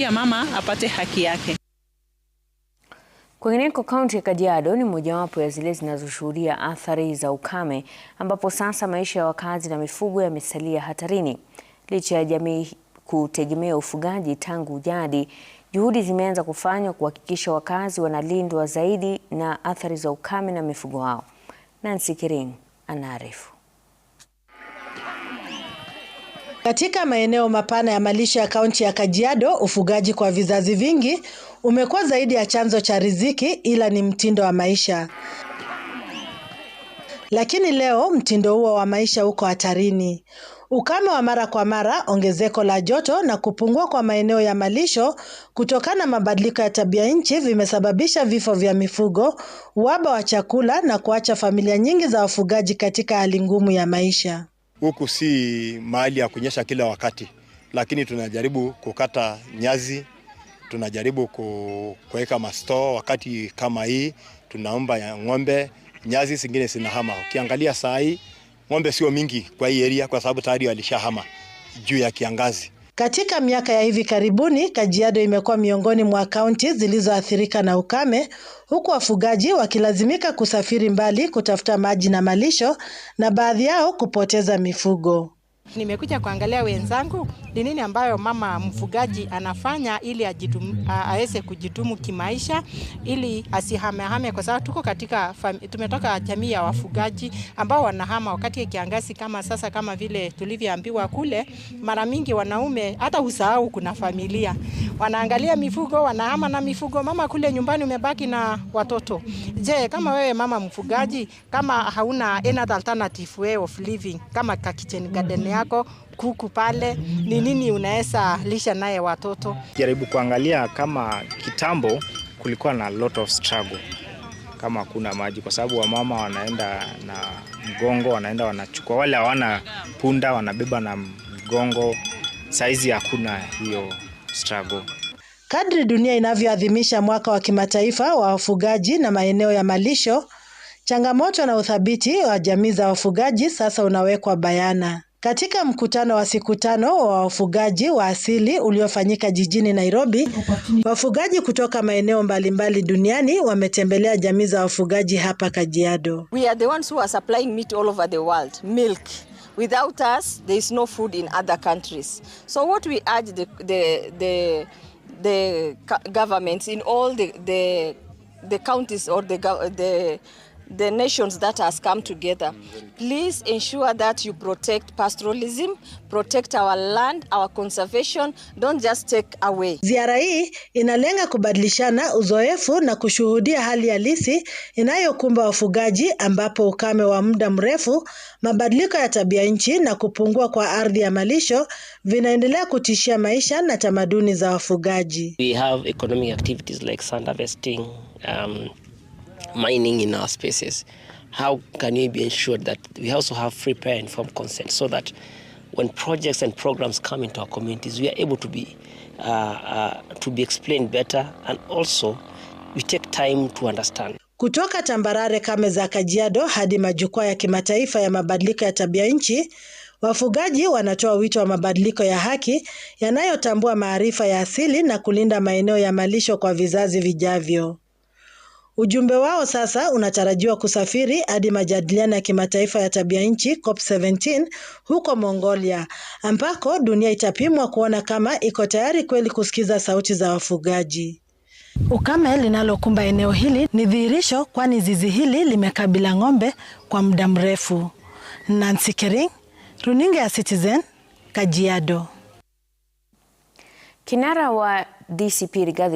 Pia mama apate haki yake. Kwingineko, kaunti ya Kajiado ni mojawapo ya zile zinazoshuhudia athari za ukame, ambapo sasa maisha ya wakazi na mifugo yamesalia hatarini. Licha ya jamii kutegemea ufugaji tangu jadi, juhudi zimeanza kufanywa kuhakikisha wakazi wanalindwa zaidi na athari za ukame na mifugo wao. Nancy kirin anaarifu. Katika maeneo mapana ya malisho ya kaunti ya Kajiado, ufugaji kwa vizazi vingi umekuwa zaidi ya chanzo cha riziki, ila ni mtindo wa maisha. Lakini leo mtindo huo wa maisha uko hatarini. Ukame wa mara kwa mara, ongezeko la joto na kupungua kwa maeneo ya malisho kutokana na mabadiliko ya tabia nchi vimesababisha vifo vya mifugo, uhaba wa chakula na kuacha familia nyingi za wafugaji katika hali ngumu ya maisha huku si mahali ya kunyesha kila wakati, lakini tunajaribu kukata nyazi, tunajaribu kuweka mastoo. Wakati kama hii tunaomba ng'ombe, nyazi zingine zinahama. Ukiangalia saa hii ng'ombe sio mingi kwa hii area, kwa sababu tayari walishahama juu ya kiangazi. Katika miaka ya hivi karibuni, Kajiado imekuwa miongoni mwa kaunti zilizoathirika na ukame, huku wafugaji wakilazimika kusafiri mbali kutafuta maji na malisho na baadhi yao kupoteza mifugo. Nimekuja kuangalia wenzangu ni nini ambayo mama mfugaji anafanya ili aweze kujitumu kimaisha, ili asihamehame, kwa sababu tuko katika tumetoka jamii ya wafugaji ambao wanahama wakati ya kiangazi kama sasa, kama vile tulivyoambiwa kule. Mara mingi wanaume hata usahau kuna familia, wanaangalia mifugo, wanahama na mifugo. Mama kule nyumbani umebaki na watoto. Je, kama wewe mama mfugaji, kama hauna another alternative way of living kama kitchen garden yako, kuku pale, ni nini unaweza lisha naye watoto. Jaribu kuangalia kama kitambo kulikuwa na lot of struggle kama kuna maji, kwa sababu wamama wanaenda na mgongo, wanaenda wanachukua, wale hawana punda wanabeba na mgongo. Saizi hakuna hiyo struggle. Kadri dunia inavyoadhimisha mwaka wa kimataifa wa wafugaji na maeneo ya malisho, changamoto na uthabiti wa jamii za wafugaji sasa unawekwa bayana. Katika mkutano wa siku tano wa wafugaji wa asili uliofanyika jijini Nairobi, wafugaji kutoka maeneo mbalimbali duniani wametembelea jamii za wafugaji hapa Kajiado. We are the ones who are supplying meat all over the world, milk. Without us, there is no food in other countries. So what we urge the, the, the, the governments in all the, the, the counties or the, the the nations that has come together. Please ensure that you protect pastoralism, protect our land, our conservation, don't just take away. Ziara hii inalenga kubadilishana uzoefu na kushuhudia hali halisi inayokumba wafugaji ambapo ukame wa muda mrefu, mabadiliko ya tabia nchi na kupungua kwa ardhi ya malisho vinaendelea kutishia maisha na tamaduni za wafugaji. We have economic activities like sand harvesting, um, mining in our spaces, how can we be ensured that we also have free, fair, informed consent so that when projects and programs come into our communities, we are able to be, uh, uh, to be explained better and also we take time to understand. Kutoka tambarare kame za Kajiado hadi majukwaa ya kimataifa ya mabadiliko ya tabia nchi, wafugaji wanatoa wito wa mabadiliko ya haki yanayotambua maarifa ya asili na kulinda maeneo ya malisho kwa vizazi vijavyo. Ujumbe wao sasa unatarajiwa kusafiri hadi majadiliano ya kimataifa ya tabia nchi COP17 huko Mongolia, ambako dunia itapimwa kuona kama iko tayari kweli kusikiza sauti za wafugaji. Ukame linalokumba eneo hili ni dhihirisho, kwani zizi hili limekabila ng'ombe kwa muda mrefu. Nancy Kering, runinga ya Citizen, Kajiado. Kinara wa DCP Rigathi